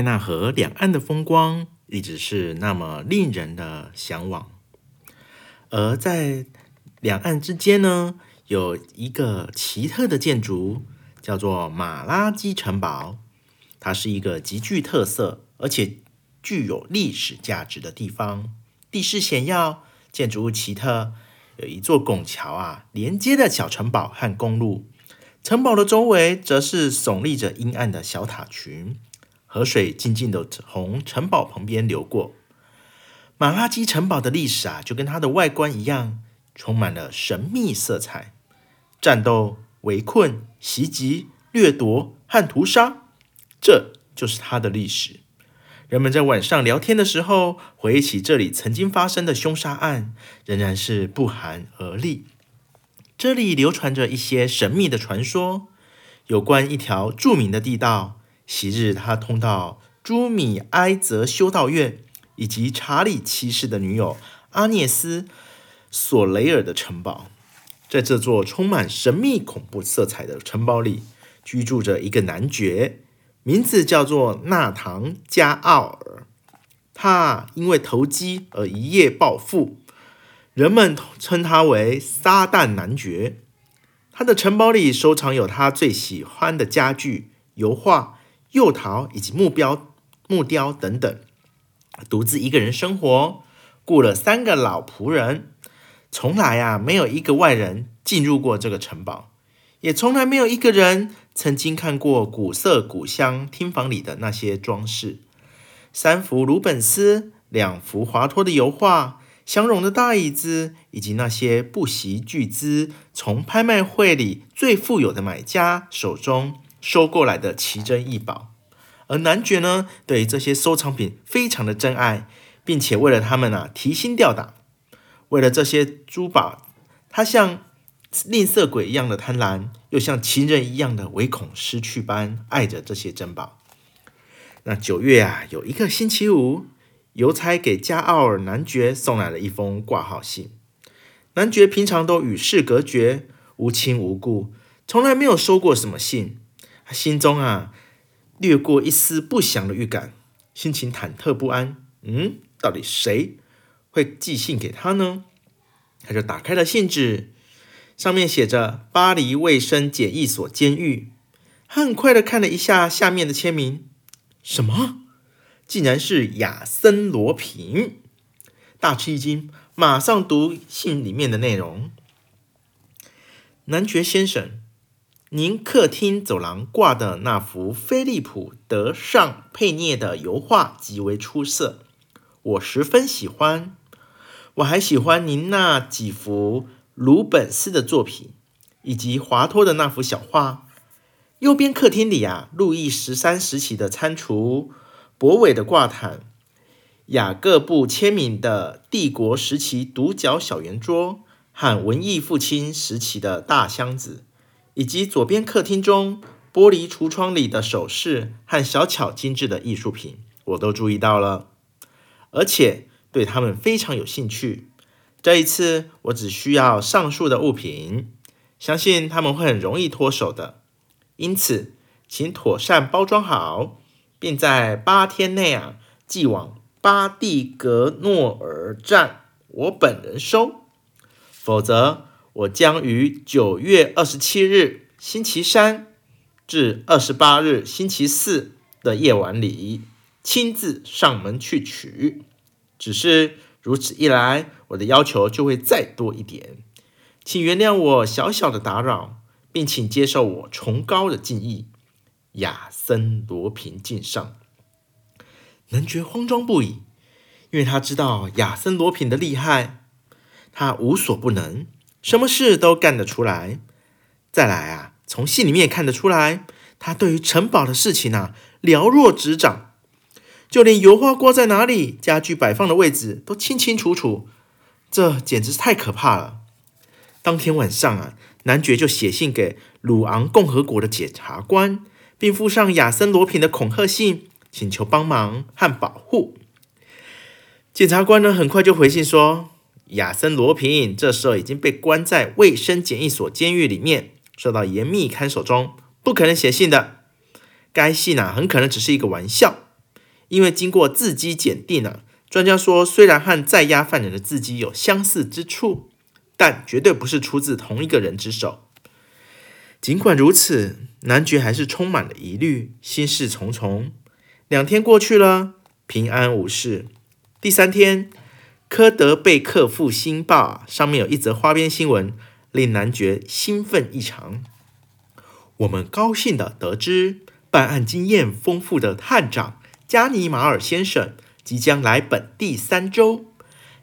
塞納河兩岸的風光一直是那麼令人的向往，而在兩岸之間呢，有一個奇特的建築，叫做馬拉基城堡。它是一個極具特色而且具有歷史價值的地方。地勢險要，建築物奇特，有一座拱橋啊連接的小城堡和公路。城堡的周圍則是聳立着陰暗的小塔群。河水靜靜的從城堡旁邊流過。馬拉基城堡的歷史啊，就跟它的外觀一樣，充滿了神秘色彩。戰鬥、圍困、襲擊、掠奪、掠奪和屠殺，這就是它的歷史。人們在晚上聊天的時候，回憶起這裡曾經發生的兇殺案，仍然是不寒而慄。這裡流傳着一些神秘的傳說，有關一條著名的地道。昔日，他通到朱米埃澤修道院，以及查理七世的女友阿涅斯·索雷爾的城堡。在這座充滿神秘恐怖色彩的城堡裡，居住着一個男爵，名字叫做納唐·加奧爾。他因為投機而一夜暴富，人們稱他為“撒旦男爵”。他的城堡裡收藏有他最喜歡的家具、油畫。釉陶、以及木雕、木雕等等，獨自一個人生活，僱了三個老僕人，從來啊沒有一個外人進入過這個城堡，也從來沒有一個人曾經看過古色古香廳房裡的那些裝飾：三幅魯本斯、兩幅華托的油畫，相融的大椅子，以及那些不惜巨資從拍賣會裡最富有的買家手中。收過來的奇珍異寶，而男爵呢，對於這些收藏品非常的珍愛，並且為了他們啊提心吊膽。為了這些珠寶，他像吝嗇鬼一樣的貪婪，又像情人一樣的唯恐失去般愛着這些珍寶。那九月啊，有一個星期五，郵差給加奧爾男爵送來了一封掛號信。男爵平常都與世隔絕，無親無故，從來沒有收過什麼信。他心中啊，掠過一絲不祥的預感，心情忐忑不安。嗯，到底誰會寄信給他呢？他就打開了信紙，上面寫着“巴黎衛生檢疫所監獄”。他很快的看了一下下面的簽名，什麼？竟然是亞森·羅蘋！大吃一驚，馬上讀信裡面的內容：“男爵先生。”您客廳走廊掛的那幅菲利普·德尚佩涅的油畫極為出色，我十分喜歡。我還喜歡您那幾幅魯本斯的作品，以及華托的那幅小畫。右邊客廳裡啊，路易十三時期的餐廚，博韋的掛毯，雅各布簽名的帝國時期獨角小圓桌，和文藝復興時期的大箱子。以及左邊客廳中玻璃櫥窗裡的首飾和小巧精致的藝術品，我都注意到了，而且對他們非常有興趣。這一次我只需要上述的物品，相信他們會很容易脫手的。因此，請妥善包裝好，並在八天內啊寄往巴蒂格諾爾站，我本人收。否則，我將於九月二十七日星期三至二十八日星期四的夜晚裡親自上門去取，只是如此一來，我的要求就會再多一點，請原諒我小小的打擾，並請接受我崇高的敬意。亞森·羅蘋敬上。男爵慌張不已，因為他知道亞森·羅蘋的厲害，他無所不能。什麼事都幹得出來。再來啊，從信裡面也看得出來，他對於城堡的事情啊了如指掌，就連油畫掛在哪裡、家具擺放的位置都清清楚楚。這簡直是太可怕了！當天晚上啊，男爵就寫信給魯昂共和國的檢察官，並附上亞森羅蘋的恐嚇信，請求幫忙和保護。檢察官呢，很快就回信說。亞森·羅平這時候已經被關在衛生檢疫所監獄裡面，受到嚴密看守中，不可能寫信的。該信呢、啊，很可能只是一個玩笑，因為經過字跡鑑定呢，專家說，雖然和在押犯人的字跡有相似之處，但絕對不是出自同一個人之手。儘管如此，男爵還是充滿了疑慮，心事重重。兩天過去了，平安無事。第三天，科德貝克復興報上面有一則花邊新聞，令男爵興奮異常。我們高興地得知，辦案經驗豐富的探長加尼馬爾先生即將來本地三周。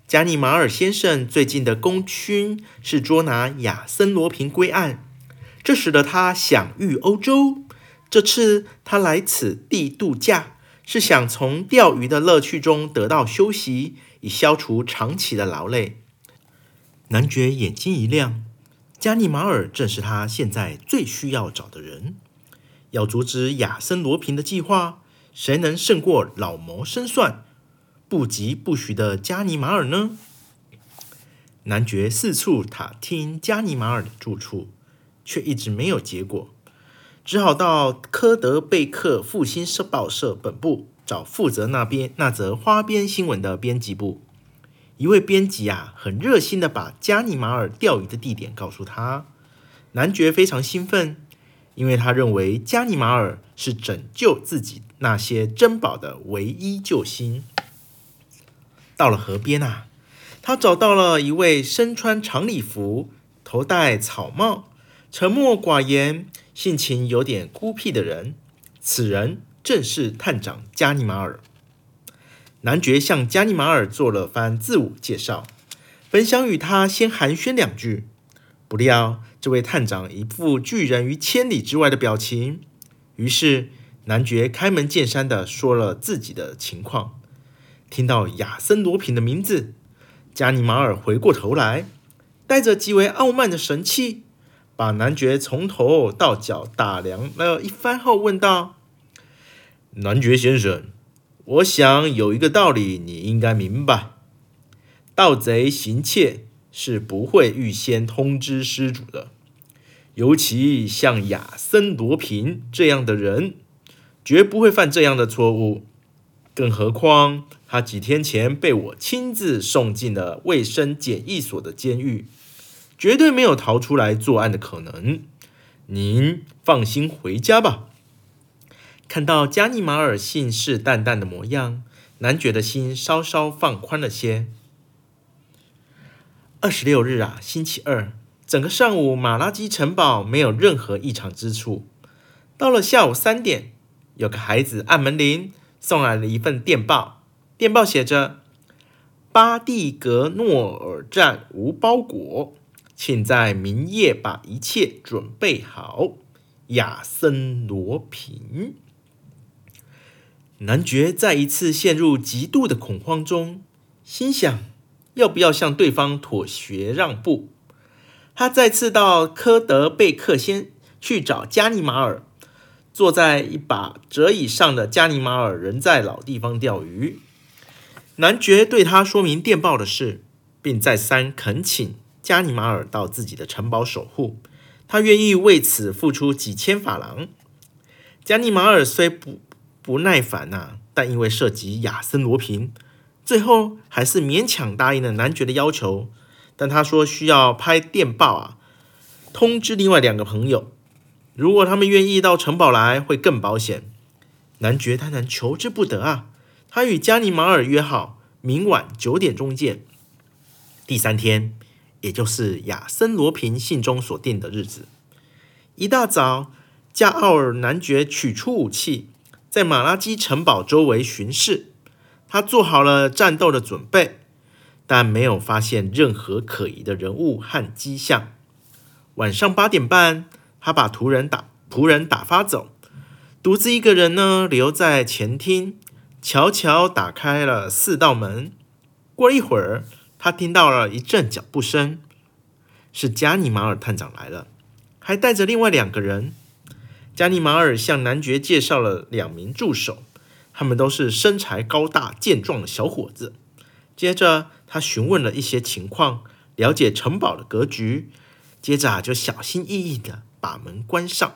加尼馬爾先生最近的功勳是捉拿亞森羅平歸案，這使得他享譽歐洲。這次他來此地度假，是想從釣魚的樂趣中得到休息。以消除長期的勞累，男爵眼睛一亮，加尼馬爾正是他現在最需要找的人。要阻止亞森羅平的計劃，誰能勝過老謀深算、不疾不徐的加尼馬爾呢？男爵四處打聽加尼馬爾的住處，卻一直沒有結果，只好到科德貝克復興社報社本部。找負責那邊那則花邊新聞的編輯部，一位編輯啊，很熱心的把加尼馬爾釣魚的地點告訴他。男爵非常興奮，因為他認為加尼馬爾是拯救自己那些珍寶的唯一救星。到了河邊啊，他找到了一位身穿長禮服、頭戴草帽、沉默寡言、性情有點孤僻的人。此人。正是探長加尼馬爾。男爵向加尼馬爾做了番自我介紹，本想與他先寒暄兩句，不料這位探長一副拒人於千里之外的表情。於是，男爵開門見山的說了自己的情況。聽到亞森羅蘋的名字，加尼馬爾回過頭來，帶着極為傲慢的神氣，把男爵從頭到腳打量了一番後問道。男爵先生，我想有一個道理，你應該明白：盜賊行竊是不會預先通知失主的。尤其像亞森·羅蘋這樣的人，絕不會犯這樣的錯誤。更何況，他幾天前被我親自送進了衛生檢疫所的監獄，絕對沒有逃出來作案的可能。您放心回家吧。看到加尼馬爾信誓旦旦的模樣，男爵的心稍稍放寬了些。二十六日啊，星期二，整個上午馬拉基城堡沒有任何異常之處。到了下午三點，有個孩子按門鈴，送來了一份電報。電報寫着：“巴蒂格諾爾站無包裹，請在明夜把一切準備好。”亞森羅蘋。男爵再一次陷入極度的恐慌中，心想：要不要向對方妥協讓步？他再次到科德貝克先去找加尼馬爾。坐在一把折椅上的加尼馬爾仍在老地方釣魚。男爵對他說明電報的事，並再三懇請加尼馬爾到自己的城堡守護，他願意為此付出幾千法郎。加尼馬爾雖不。不耐煩吶、啊，但因為涉及亞森羅蘋，最後還是勉強答應了男爵的要求。但他說需要拍電報啊，通知另外兩個朋友，如果他們願意到城堡來，會更保險。男爵當然求之不得啊。他與加尼馬爾約好明晚九點鐘見。第三天，也就是亞森羅蘋信中所定的日子，一大早，加奧爾男爵取出武器。在馬拉基城堡周圍巡視，他做好了戰鬥的準備，但沒有發現任何可疑的人物和跡象。晚上八點半，他把僕人打僕人打發走，獨自一個人呢留在前廳，悄悄打開了四道門。過了一會兒，他聽到了一陣腳步聲，是加尼馬爾探長來了，還帶着另外兩個人。加尼馬爾向男爵介紹了兩名助手，他們都是身材高大健壯的小伙子。接着，他詢問了一些情況，了解城堡的格局。接着，就小心翼翼地把門關上，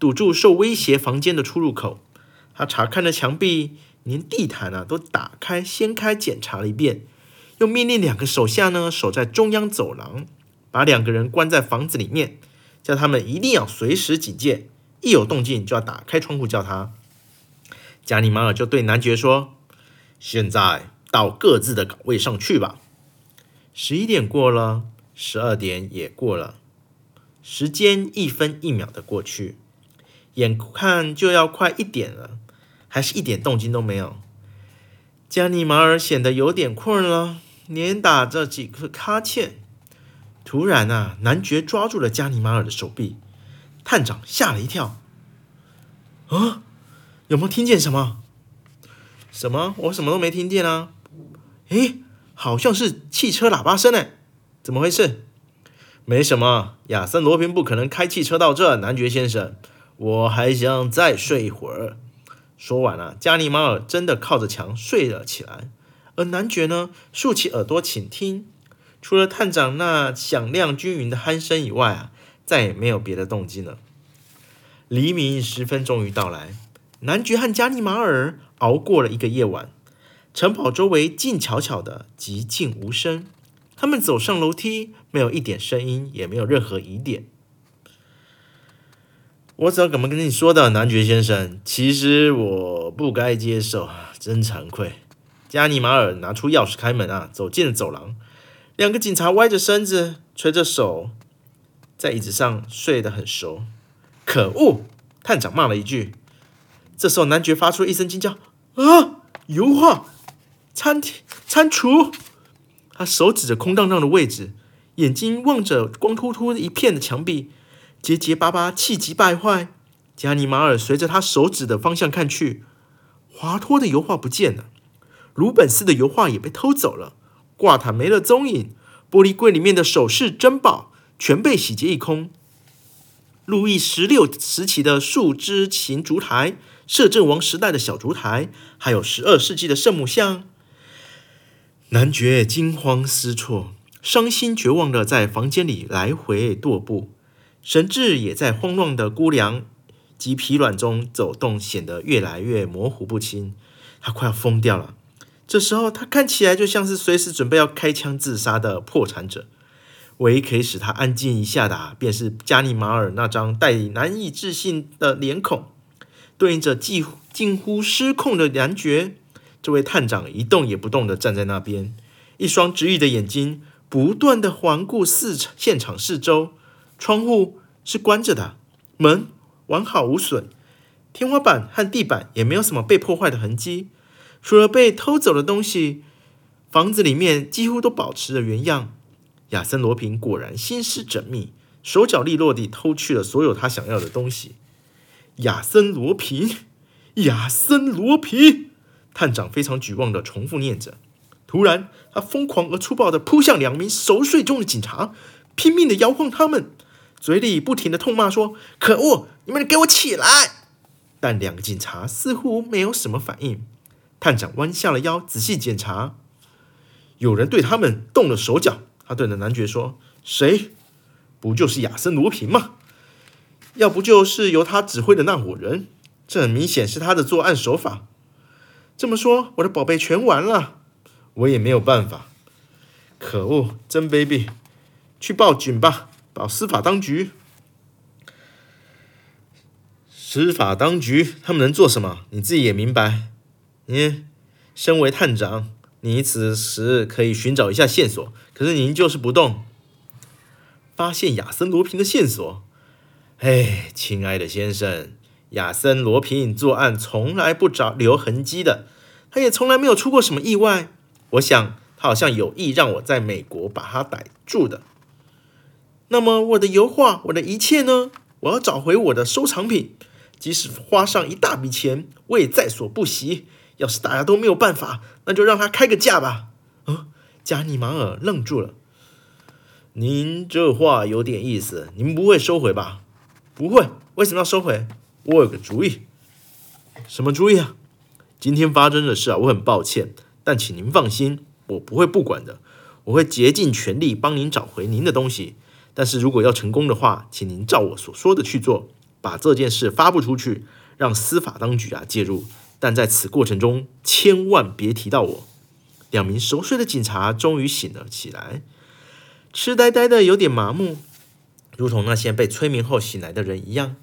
堵住受威脅房間的出入口。他查看了牆壁，連地毯啊都打開掀開檢查了一遍。又命令兩個手下呢守在中央走廊，把兩個人關在房子裡面，叫他們一定要隨時警戒。一有動靜就要打開窗戶叫他。加尼馬爾就對男爵說：“現在到各自的崗位上去吧。”十一點過了，十二點也過了，時間一分一秒的過去，眼看就要快一點了，還是一點動靜都沒有。加尼馬爾顯得有點困了，連打着幾個哈欠。突然啊，男爵抓住了加尼馬爾的手臂。探長嚇了一跳，啊，有沒有聽見什麼？什麼？我什麼都沒聽見啊。咦，好像是汽車喇叭聲呢，怎麼回事？沒什麼，亞森羅蘋不可能開汽車到這，男爵先生。我還想再睡一會兒。說完了，加尼馬爾真的靠着牆睡了起來，而男爵呢，豎起耳朵傾聽，除了探長那響亮均匀的鼾聲以外啊。再也沒有別的動靜了。黎明時分終於到來，男爵和加尼馬爾熬過了一個夜晚。城堡周圍靜悄悄的，寂靜無聲。他們走上樓梯，沒有一點聲音，也沒有任何疑點。我怎麼跟你說的，男爵先生？其實我不該接受，真慚愧。加尼馬爾拿出鑰匙開門啊，走進了走廊。兩個警察歪着身子，垂着手。在椅子上睡得很熟，可惡！探長罵了一句。這時候，男爵發出一聲驚叫：“啊！油畫，餐廳，餐廚。”他手指着空蕩蕩的位置，眼睛望着光禿禿一片的牆壁，結結巴巴，氣急敗壞。加尼馬爾隨着他手指的方向看去，華托的油畫不見了，魯本斯的油畫也被偷走了，掛毯沒了蹤影，玻璃櫃裡面的首飾珍寶。全被洗劫一空。路易十六時期的樹枝形燭台、攝政王時代的小燭台，還有十二世紀的聖母像。男爵驚慌失措、傷心絕望的在房間裡來回踱步，神志也在慌亂的估量及疲軟中走動，顯得越來越模糊不清。他快要瘋掉了。這時候，他看起來就像是隨時準備要開槍自殺的破產者。唯一可以使他安靜一下的，便是加尼馬爾那張帶難以置信的臉孔，對應着近近乎失控的男爵。這位探長一動也不動地站在那邊，一雙直欲的眼睛不斷地環顧四場現場四周。窗戶是關着的，門完好無損，天花板和地板也沒有什麼被破壞的痕跡。除了被偷走的東西，房子裡面幾乎都保持着原樣。亞森·羅蘋果然心思縝密，手腳利落地偷去了所有他想要的東西。亞森·羅蘋，亞森·羅蘋，探長非常絕望地重複念着。突然，他瘋狂而粗暴地撲向兩名熟睡中的警察，拼命地搖晃他們，嘴裡不停地痛罵說：“可惡，你們給我起來！”但兩個警察似乎沒有什麼反應。探長彎下了腰，仔細檢查，有人對他們動了手腳。他對着男爵說：“誰？不就是亞森·羅蘋嗎？要不就是由他指揮的那夥人？這很明顯是他的作案手法。這麼說，我的寶貝全完了，我也沒有辦法。可惡，真卑鄙！去報警吧，報司法當局。司法當局他們能做什麼？你自己也明白。你身為探長。”你此時可以尋找一下線索，可是您就是不動，發現亞森·羅蘋的線索。哎，親愛的先生，亞森·羅蘋作案從來不著留痕迹的，他也從來沒有出過什麼意外。我想，他好像有意讓我在美國把他逮住的。那麼，我的油畫，我的一切呢？我要找回我的收藏品，即使花上一大筆錢，我也在所不惜。要是大家都沒有辦法，那就讓他開個價吧。嗯、啊，加尼馬爾愣住了。您這話有點意思，您不會收回吧？不會，為什麼要收回？我有個主意。什麼主意啊？今天發生的事啊，我很抱歉，但請您放心，我不會不管的。我會竭盡全力幫您找回您的東西。但是如果要成功的話，請您照我所說的去做，把這件事發布出去，讓司法當局啊介入。但在此過程中，千萬別提到我。兩名熟睡的警察終於醒了起來，痴呆呆的，有點麻木，如同那些被催眠後醒來的人一樣。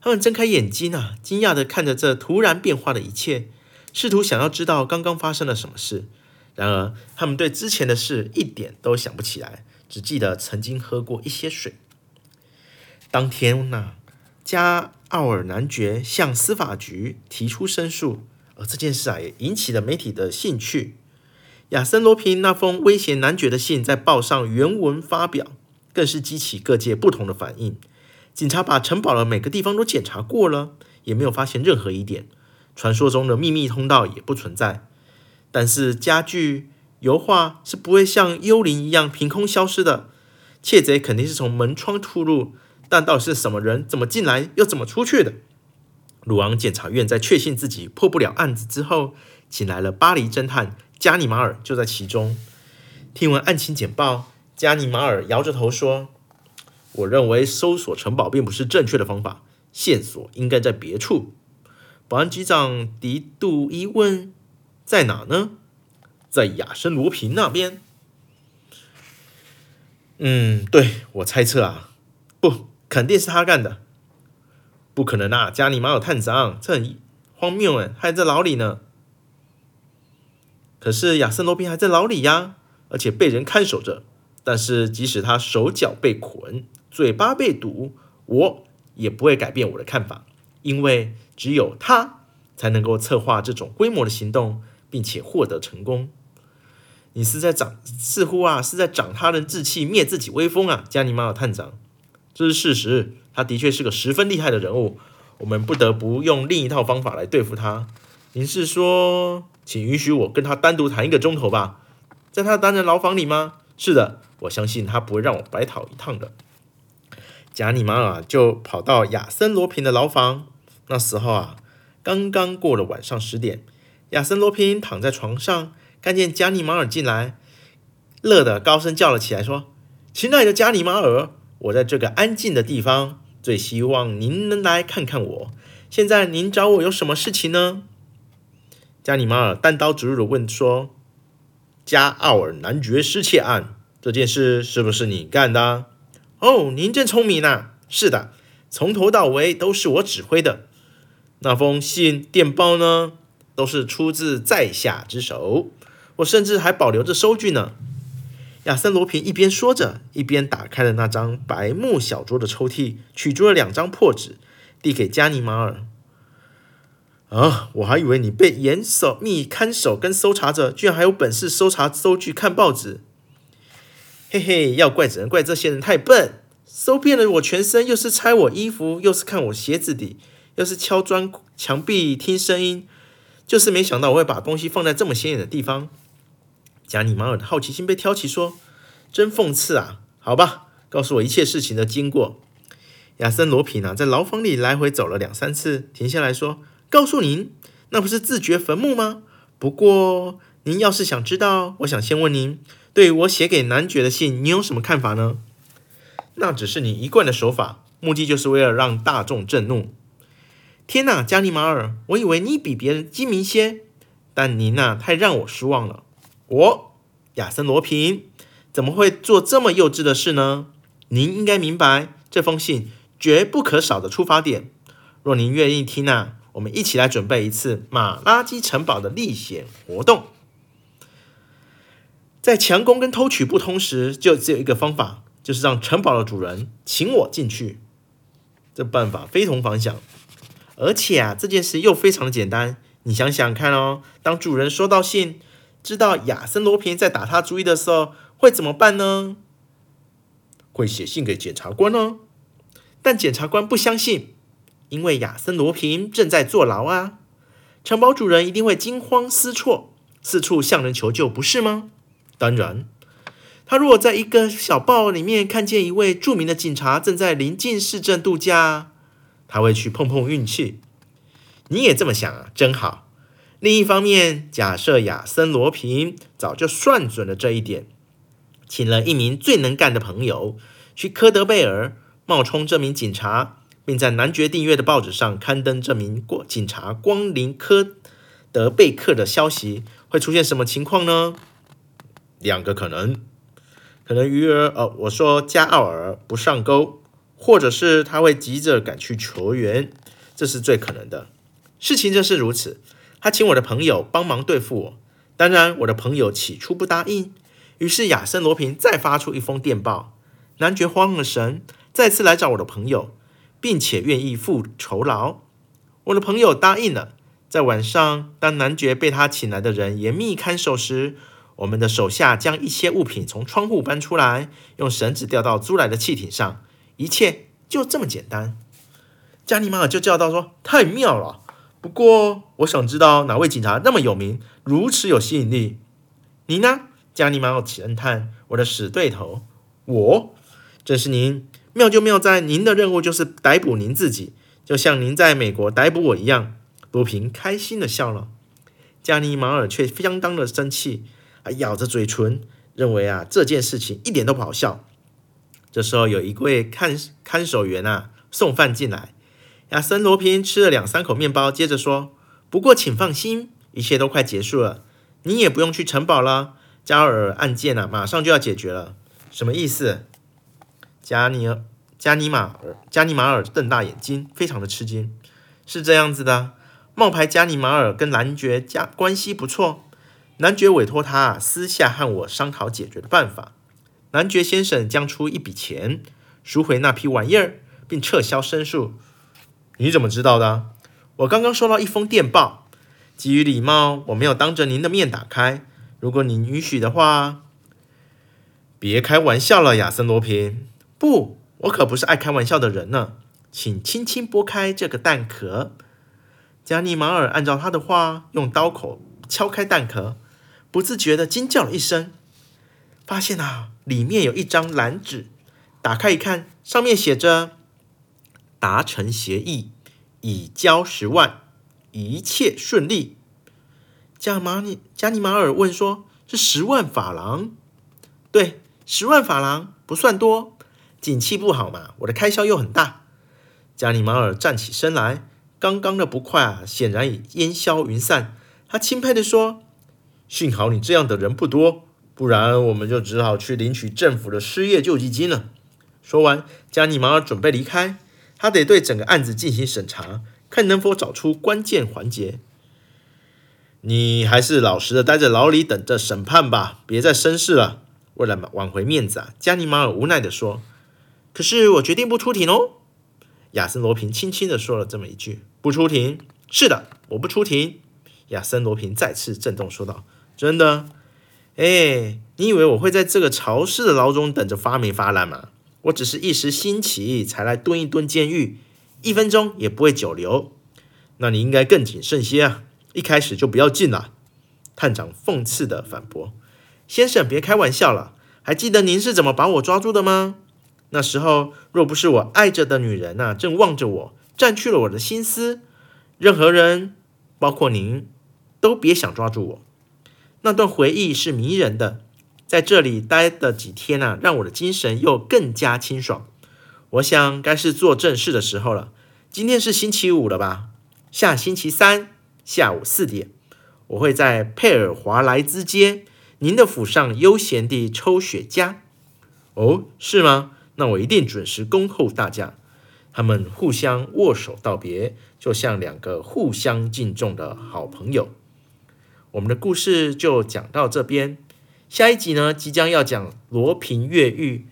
他們睜開眼睛啊，驚訝地看着這突然變化的一切，試圖想要知道剛剛發生了什麼事。然而，他們對之前的事一點都想不起來，只記得曾經喝過一些水。當天吶、啊。加奧爾男爵向司法局提出申訴，而這件事啊也引起了媒體的興趣。亞森羅蘋那封威脅男爵的信在報上原文發表，更是激起各界不同的反應。警察把城堡的每個地方都檢查過了，也沒有發現任何一點，傳說中的秘密通道也不存在。但是家具油畫是不會像幽靈一樣憑空消失的，竊賊肯定是從門窗突入。但到底是什麼人？怎麼進來又怎麼出去的？魯昂檢察院在確信自己破不了案子之後，請來了巴黎偵探加尼馬爾，就在其中。聽完案情簡報，加尼馬爾搖着頭說：“我認為搜索城堡並不是正確的方法，線索應該在別處。”保安局長迪杜伊問：“在哪呢？”“在亞森羅蘋那邊。”“嗯，對，我猜測啊。”肯定是他幹的，不可能啊！加尼瑪爾探長，這很荒謬哎！還在牢裡呢，可是亞森羅蘋還在牢裡呀，啊，而且被人看守着。但是即使他手腳被捆，嘴巴被堵，我也不會改變我的看法，因為只有他才能夠策劃這種規模的行動，並且獲得成功。你是在長，似乎啊，是在長他人志氣、滅自己威風啊！加尼瑪爾探長。這是事實，他的確是個十分厲害的人物。我們不得不用另一套方法來對付他。您是說，請允許我跟他單獨談一個鐘頭吧？在他單人牢房裡嗎？是的，我相信他不會讓我白跑一趟的。加尼瑪爾就跑到亞森羅蘋的牢房。那時候啊，剛剛過了晚上十點。亞森羅蘋躺在床上，看見加尼瑪爾進來，樂得高聲叫了起來，說：“親愛的加尼瑪爾！”我在這個安靜的地方，最希望您能來看看我。現在您找我有什麼事情呢？加尼瑪爾單刀直入的問說：“加奧爾男爵失竊案這件事是不是你幹的？”哦，您真聰明吶、啊！是的，從頭到尾都是我指揮的。那封信、電報呢？都是出自在下之手。我甚至還保留着收據呢。亞森羅蘋一邊說着，一邊打開了那張白木小桌的抽屜，取出了兩張破紙，遞給加尼馬爾。啊，我還以為你被嚴守密看守跟搜查着，居然還有本事搜查搜去看報紙。嘿嘿，要怪只能怪這些人太笨，搜遍了我全身，又是拆我衣服，又是看我鞋子底，又是敲磚牆壁聽聲音，就是沒想到我會把東西放在這麼顯眼的地方。加尼馬爾的好奇心被挑起，說：“真諷刺啊！好吧，告訴我一切事情的經過。”亞森羅蘋啊，在牢房裡來回走了兩三次，停下來說：“告訴您，那不是自掘墳墓嗎？不過，您要是想知道，我想先問您：對於我寫給男爵的信，你有什麼看法呢？那只是你一貫的手法，目的就是為了讓大眾震怒。天吶，加尼馬爾，我以為你比別人精明些，但您吶太讓我失望了。”我亞森羅蘋怎麼會做這麼幼稚的事呢？您應該明白這封信絕不可少的出發點。若您願意聽啊，我們一起來準備一次馬拉基城堡的歷險活動。在強攻跟偷取不通時，就只有一個方法，就是讓城堡的主人請我進去。這辦法非同凡響，而且啊，這件事又非常的簡單。你想想看哦，當主人收到信。知道亞森·羅平在打他主意的時候會怎麼辦呢？會寫信給檢察官哦、啊。但檢察官不相信，因為亞森·羅平正在坐牢啊。城堡主人一定會驚慌失措，四處向人求救，不是嗎？當然，他如果在一個小報裡面看見一位著名的警察正在臨近市鎮度假，他會去碰碰運氣。你也這麼想啊，真好。另一方面，假設亞森·羅平早就算準了這一點，請了一名最能幹的朋友去科德貝爾冒充這名警察，並在男爵訂閱的報紙上刊登這名過警察光臨科德貝克的消息，會出現什麼情況呢？兩個可能：可能魚兒哦，我說加奧爾不上鈎，或者是他會急着趕去求援，這是最可能的。事情正是如此。他請我的朋友幫忙對付我，當然，我的朋友起初不答應。於是，亞森·羅平再發出一封電報，男爵慌了神，再次來找我的朋友，並且願意付酬勞。我的朋友答應了。在晚上，當男爵被他請來的人嚴密看守時，我們的手下將一些物品從窗戶搬出來，用繩子吊到租來的汽艇上。一切就這麼簡單。加尼瑪爾就叫道說：“太妙了！”不過，我想知道哪位警察那麼有名，如此有吸引力？您呢，加尼馬爾偵探，我的死對頭，我正是您。妙就妙在您的任務就是逮捕您自己，就像您在美國逮捕我一樣。羅蘋開心的笑了，加尼馬爾卻相當的生氣，還咬着嘴唇，認為啊這件事情一點都不好笑。這時候，有一位看看守員啊送飯進來。亞森·羅平吃了兩三口面包，接着說：“不過，請放心，一切都快結束了，你也不用去城堡了。加爾案件啊，馬上就要解決了。”什麼意思？加尼，加尼爾、加尼馬爾、加尼馬爾瞪大眼睛，非常的吃驚。是這樣子的：冒牌加尼馬爾跟男爵家關係不錯，男爵委托他私下和我商討解決的辦法。男爵先生將出一筆錢贖回那批玩意兒，並撤銷申訴。你怎麼知道的？我剛剛收到一封電報。基於禮貌，我沒有當着您的面打開。如果您允許的話，別開玩笑了，亞森·羅蘋。不，我可不是愛開玩笑的人呢。請輕輕撥開這個蛋殼。加尼馬爾按照他的話，用刀口敲開蛋殼，不自覺地驚叫了一聲，發現啊，裡面有一張藍紙。打開一看，上面寫着。達成協議，已交十萬，一切順利。加瑪尼加尼馬爾問說：“是十萬法郎？”對，十萬法郎不算多。景氣不好嘛，我的開銷又很大。加尼馬爾站起身來，剛剛的不快啊，顯然已煙消雲散。他欽佩地說：“幸好你這樣的人不多，不然我們就只好去領取政府的失業救濟金了。”說完，加尼馬爾準備離開。他得對整個案子進行審查，看能否找出關鍵環節。你還是老實的待在牢裡，等着審判吧，別再生事了。為了挽回面子啊，加尼瑪爾無奈地說：“可是我決定不出庭哦。”亞森羅蘋輕輕地說了這麼一句：“不出庭。”是的，我不出庭。”亞森羅蘋再次震動說道：“真的？哎，你以為我會在這個潮濕的牢中等着發霉發爛嗎？”我只是一時興起才來蹲一蹲監獄，一分鐘也不會久留。那你應該更謹慎些啊，一開始就不要進了。探長諷刺的反駁：“先生，別開玩笑了。還記得您是怎麼把我抓住的嗎？那時候若不是我愛着的女人吶、啊，正望着我，佔去了我的心思，任何人，包括您，都別想抓住我。那段回憶是迷人的。”在這裡待的幾天呢、啊，讓我的精神又更加清爽。我想該是做正事的時候了。今天是星期五了吧？下星期三下午四點，我會在佩爾華萊茲街您的府上悠閒地抽雪茄。哦，是嗎？那我一定準時恭候大駕。他們互相握手道別，就像兩個互相敬重的好朋友。我們的故事就講到這邊。下一集呢，即將要講羅平越獄，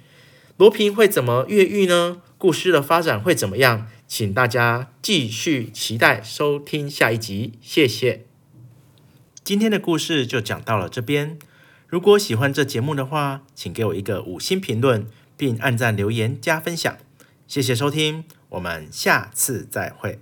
羅平會怎麼越獄呢？故事的發展會怎麼樣？請大家繼續期待收聽下一集，謝謝。今天的故事就講到了這邊。如果喜歡這節目的話，請給我一個五星評論，並按讚、留言、加分享。謝謝收聽，我們下次再會。